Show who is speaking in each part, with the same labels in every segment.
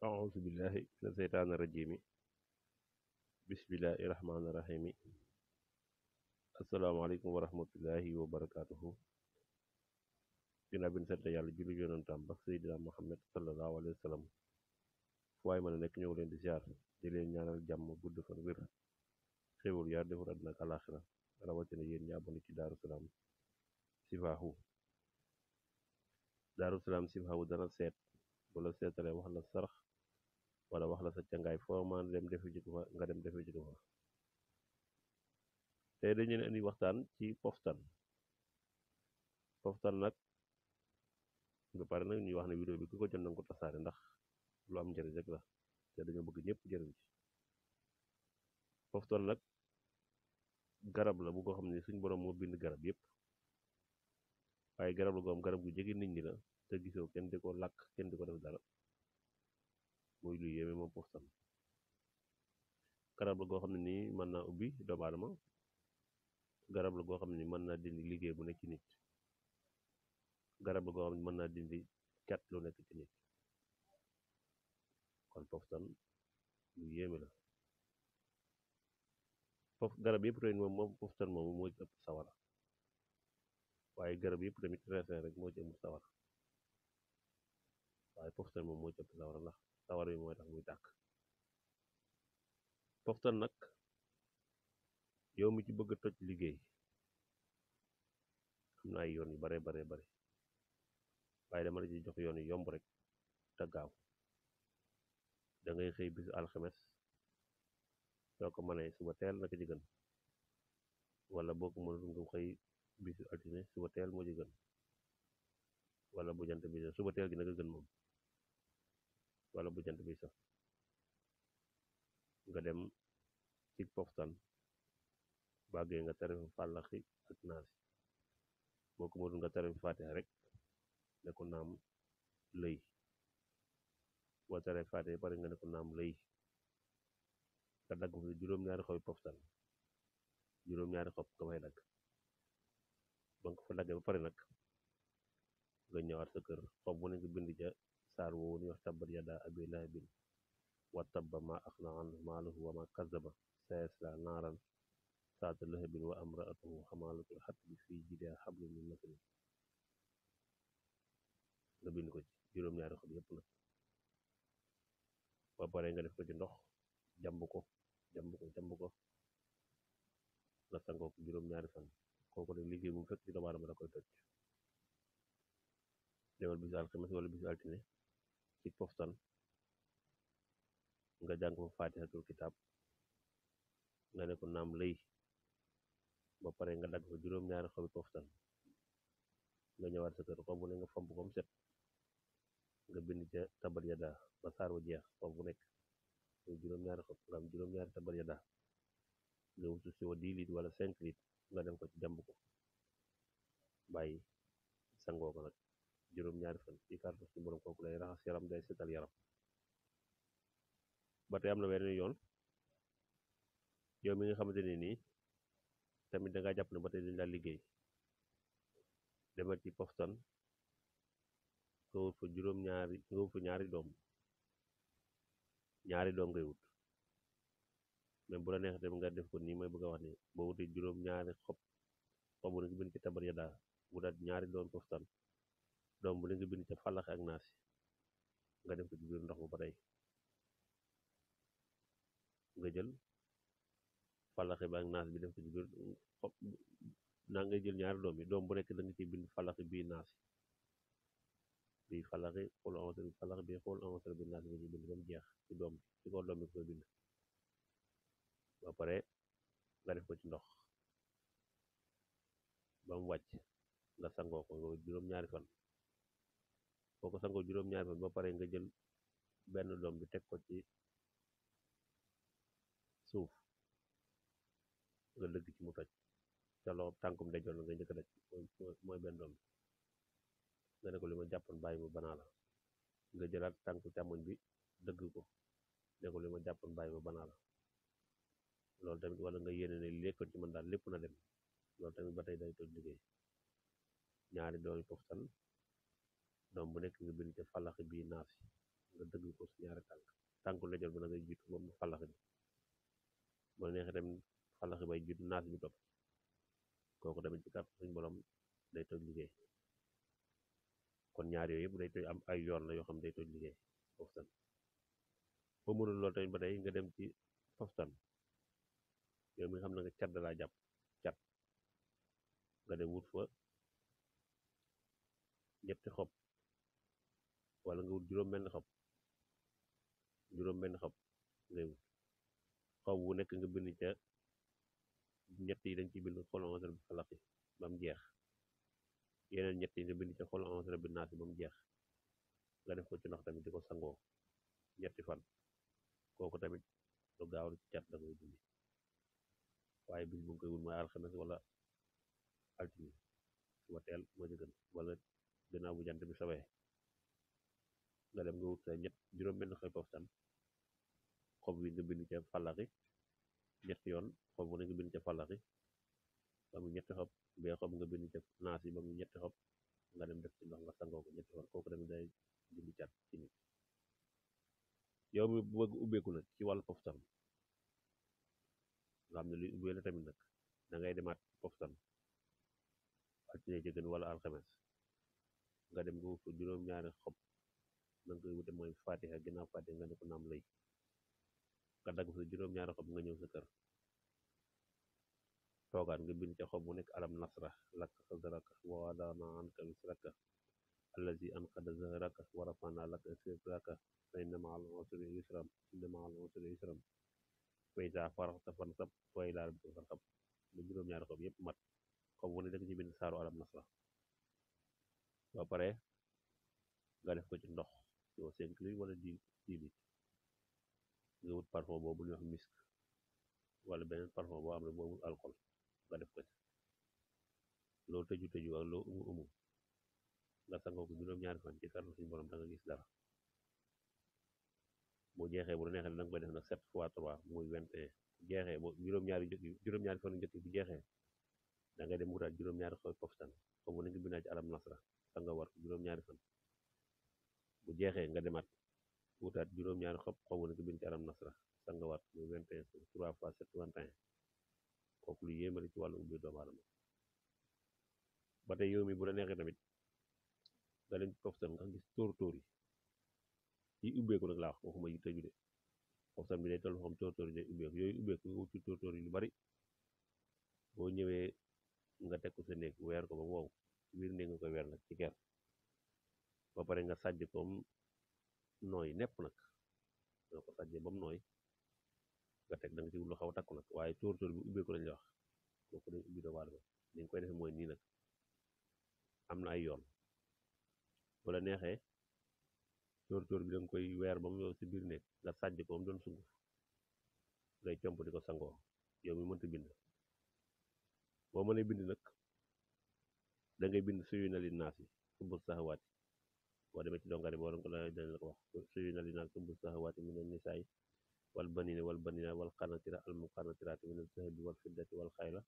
Speaker 1: auzu billahi mina seytaani rajiimi bismillahi rahmaani wa barakaatuhu dinaa bin sant yàlla julli yonantam ba seydina Muhammad sallallahu alayhi wa sallam waaye mën a nekk ñëw leen di ziar di leen ñaanal jàmm gudd fan wér xéwal yaa defar àddina ak alaaxira rawatina yéen ñi abonné ci Daaru Salaam Sifaahu Daaru Salaam Sifaahu dana seet bu la seetalee wax la sarax wala wax la sa cangaay foo man dem defe jiko fa nga dem defe jiko fa tey dañu leen indi waxtaan ci poftan poftan nag nga pare nag ñuy wax ne vidéo bi ku ko jot na nga ko tasaare ndax lu am njëriñ rek la te dañoo bëgg ñëpp jëriñ ci poftan nag garab la bu ko xam ne suñ borom moo bind garab yëpp waaye garab la ko am garab gu jege nit ñi la te gisoo kenn di ko làkk kenn di ko def dara muy lu yéeme moom poftan garab la goo ne nii mën naa ubbi doomu garab la goo xam ne nii mën naa dindi liggéey bu nekk ci nit garab la goo xam ne mën naa dindi cat lu nekk ci nit kon poftan lu yéeme la foofu garab yëpp tamit moom moom poftan sawara waaye garab yépp tamit raisin rek moo ci ëpp sawara waaye poftan moom moo ci sawara ndax sawar bi mooy tax muy tàkk toftal nag yow mi ci bëgg a toj liggéey am na ay yoon yu bare bare bare waaye dama la ci jox yoon yu yomb rek te gaaw da ngay xëy bisu alxames soo ko mënee suba teel naka ci gën wala boo ko mënatu nga xëy bisu altine suba teel moo ci gën wala bu jant bi suba teel gi naka gën moom wala bu jant bi sax nga dem ci poftan bàggee nga tari fàllaxi ak naasi boo ko mënul nga tari faatiha rek ne ko naam lëy boo taree faatiha pare nga ne ko naam lëy nga dagg fi juróom-ñaari xobi poftan juróom xob ba fa daggee ba pare nag nga ñëwaat sa kër xob bu ne nga bind ca يختارون يعتبر يد أبي لهب وتب ما أغنى عنه ماله وما كذب سيصلى نارا ذات لهب وامرأته حمالة الحطب في جيدها حبل من مسد nga bind ko ci juróom-ñaari xob yépp nag ba pare nga def ko ndox jàmb ko jàmb ko jàmb ko la sangoo ko juróom-ñaari fan kooku de liggéey bu fekk ci doomu aadama da koy toj demal ci poftan nga jàng fa faatixatul kitaab nga ne ko naam lay ba pare nga dagg fa juróom-ñaari xobi poftan nga ñëwaat sa xob bu ne nga fomp kom set nga bind ca tabar yada ba saar wa jeex xob bu nekk muy juróom-ñaari xob nga am juróom-ñaari tabar yada nga wutu si wa wala cinq litres nga dem ko ci jàmb ko bàyyi sangoo ko nag juróom-ñaari fan icartus ci borom kooku lay raxas yaram day setal yaram ba tey am na beneen yoon yow mi nga xamante ne nii tamit danga ngaa jàpp ne ba tey dañ laa liggéey demal ci poftan nga wut fa juróom-ñaari nga wut fa ñaari doom ñaari doom ngay wut mais bu la neex dem nga def ko ni may bëgg wax ne boo wutee juróom-ñaari xob xobu nag bin ci tabar ya daa ñaari doom poftan doom bu ne nga bind ca fàllax ak naas nga def ko ci biir ndox mu ba tey nga jël fàllaxe bi ak naas bi def ko ci biir xob naa ngay jël ñaari doom yi doom bu nekk da nga ciy bind fàllaxe bii naas bii fàllaxe xool avancé bi fàllaxe bii xool avancé bi naas bi nga ci bind ba mu jeex ci doom bi ci kaw doom bi koy bind ba pare nga def ko ci ndox ba mu wàcc nga sangoo ko juróom-ñaari fan boo ko sangoo juróom-ñaari fan ba pare nga jël benn doom bi teg ko ci suuf nga dëgg ci mu toj ca loo tànkum dejoon la nga njëkk a mooy benn doom bi nga ne ko li ma jàppoon bàyyi ma banaa nga jëlaat tànku càmmoñ bi dëgg ko ne li ma jàppoon bàyyi ma banaa la tamit wala nga yéene ne ci man daal lépp na dem lool tamit ba tey day toj liggéey ñaari doomi poftan doom bu nekk nga bind ca fàllax bii naas nga dëgg ko su ñaari tànk tànku lajor ba na ngay jiitu moom fàllax bi bu la neexee tamit fàllax bay jiitu naas bi topp kooku tamit ci kàttan suñ borom day kon ñaar yooyu yëpp day am ay yoon la yoo xam day toj liggéey loolu tamit ba tey nga dem ci foftan yow mi nga xam ne nga cat dalaa jàpp wut fa ñetti xob wala nga wut juróom-benn xob juróom-benn xob ngay wut xob wu nekk nga bind ca ñett yi dañ ci bind xol onze rabbi falaqi ba mu jeex yeneen ñett nga bind ca xol onze rabbi naasi ba mu jeex nga def ko ci ndox tamit di ko sangoo ñetti fan kooku tamit lu gaaw lu ci cat da ngay dindi waaye bis bu nga koy wut mooy alxames wala altine suba teel moo ci gën wala gannaaw bu jant bi sawee nga dem nga wut sa ñett juróom-benn xoy poftan xob wi nga bind ca fallaxi ñetti yoon xob bu ne nga bind ca fallaxi ba mu nga bind ca naas yi ba mu ñetti xob nga dem def nga sangoo kooku dem day dindi cat ci nit yow mi ci wàllu poftan nga xam ne luy ubbee da ngay demaat poftan altine ci nga dem nga wut juróom-ñaari xob na nga koy wute mooy fatiha ginnaaw fatiha nga ne ko naam lay nga dagg sa juróom-ñaari xob nga ñëw sa kër toogaat nga bind ca xob mu nekk alam nasra lakka sadraka wa wadaana anka wisraka allazi anqada zahraka wa rafana laka sikraka fa inna ma'al usri yusran inna ma'al usri yusran fa iza faraxta fansab wa ila rabbika farxab ba juróom-ñaari xob yëpp mat xob wu ne danga ci bind saaru alam nasra ba pare nga def ko ci ndox yow cinq lay wala di dix litre nga wut boobu ñuy wax misk wala beneen parfum boo xam ne boobu alcool nga def ko ci loo tëju tëju ak loo umu umu nga sangoo ko juróom-ñaari fan ci kàddu suñu borom da nga gis dara bu jeexee bu neexee da nga koy def nag sept fois trois muy vingt et juróom-ñaari juróom-ñaari fan njëkk bu jeexee da nga dem wutaat juróom-ñaari xoy poftan comme nañ ko bindee ci alam war ko juróom-ñaari fan bu jeexee nga demaat wutaat juróom-ñaari xob xobu nag bin ci aram nasra sangawaat muy vingt un trois fois sept vingt un kooku lu yéemale ci wàllu ubbi doomu aadama ba tey yow mi bu la neexee tamit nga leen poftan nga gis tóor tóor yi yi ubbeeku nag laa wax bi day toll xam tóor tóor yi day ubbeeku yooyu ubbeeku nga wut ci tóor tóor lu bari boo ñëwee nga teg ko sa néeg weer ko ba mu wow ci biir néeg nga weer nag ci ker ba pare nga sàjj ko nooy nepp nag nga ko sàjjee ba nooy nga teg da nga lu xaw a takku nag waaye tóor-tóor bi ubbeeku lañ la wax kooku dañ ubbi doo waadama nii nag na ay yoon wala neexee tóor-tóor bi da koy weer bam yow si biir nekk nga sàjj ko mu doon sunguf ngay comp di ko sangoo yow mi mënta bind boo mënee bind nag da bind suyu na naas yi subbul saxawaat boo deme ci dongaari boorom ko la dana la ko wax suyuna li naag sumbu sahawaati min annisaay wal banina wal banina wal qanatira al muqanatiraati min al zahabi wal fiddati wal xayla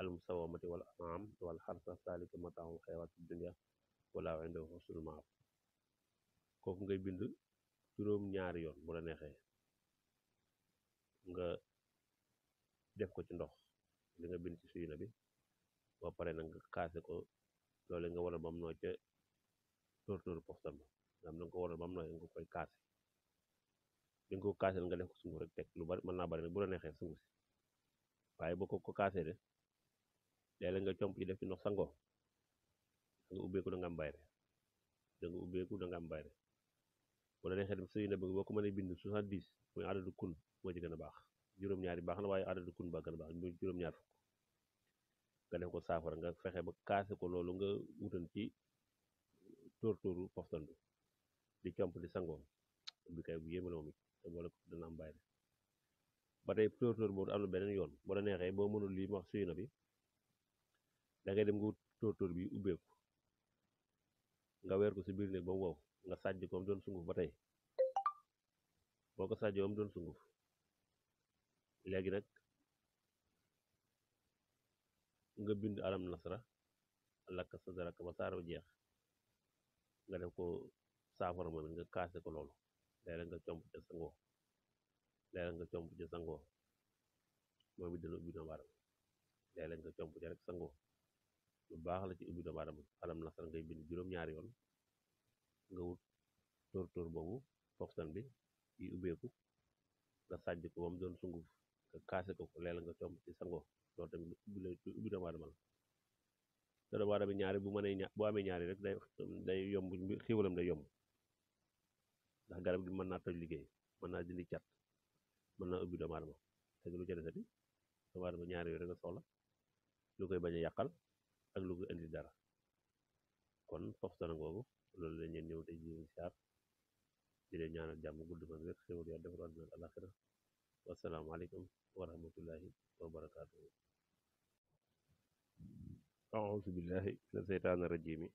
Speaker 1: al musawamati wal anam wal xarsa saalika mataamu xayawaati dunia ngay bind juróom yoon bu la nga def ko ci ndox li nga bind ci suyuna bi boo pare nag nga xaase ko loole nga waral bam noo ca tóor-tóoru poftam am na nga ko waral ba mu nooy nga koy kaase bi nga ko kaaseel nga def ko sunguf rek lu bari mën naa bari bu la neexee sunguf si waaye boo ko ko kaasee de léeg-léeg nga comp yi def ci ndox sangoo danga ubbeeku da nga am danga am bayre bu la na bëgg boo ko bind 70 muy adadu kun moo ci baax juróom-ñaari baax na waaye adadu kun baa gën juróom-ñaar fukk nga def ko saafara nga fexe ba kaase ko loolu nga wutan ci tóor tóoru poftandu di camp di sangoo bi kay bu yéeme la moom boole ko dana am bàyyi ba tey tóor tóor boobu am na beneen yoon boo la boo mënul li wax suy na bi da ngay bi ubbeeku nga si biir néeg ba nga sàjj ko am doon sunguf ba tey boo ko sàjjoo am doon sunguf léegi nag nga bind alam nasra lakk sa dara ba saar jeex nga def ko saafara mën nga kaase ko loolu léeg-léeg nga comp ca sangoo léeg nga comp ca sangoo moom it dana ubbi doomu aadama léeg nga comp ca rek sangoo lu baax la ci ubbi doomu aadama alam nasar ngay bind juróom-ñaari yoon nga wut tóor tóor boobu san bi yi ubbeeku nga sàjj ko ba doon sunguf nga kaase ko léeg nga comp ci sangoo loolu tamit lu ubbi doomu aadama la dana bu amee ñaari bu mënee ña boo amee ñaari rek day day yomb xiwalam day yomb ndax garab gi mën naa toj liggéey mën naa dindi cat mën naa ubbi doomu aadama te lu ca desati doomu aadama ñaari yooyu rek nga soxla lu koy bañ a yàqal ak lu koy indi dara kon foofu dana googu loolu la ñuy ñëw tey jii di saar di ñaanal jàmm gudd fan wér xéwal yaa defar àdduna ak alaxira wasalaamaaleykum wa rahmatullahi wa barakaatu. aousu billahi mina seytaani rajiim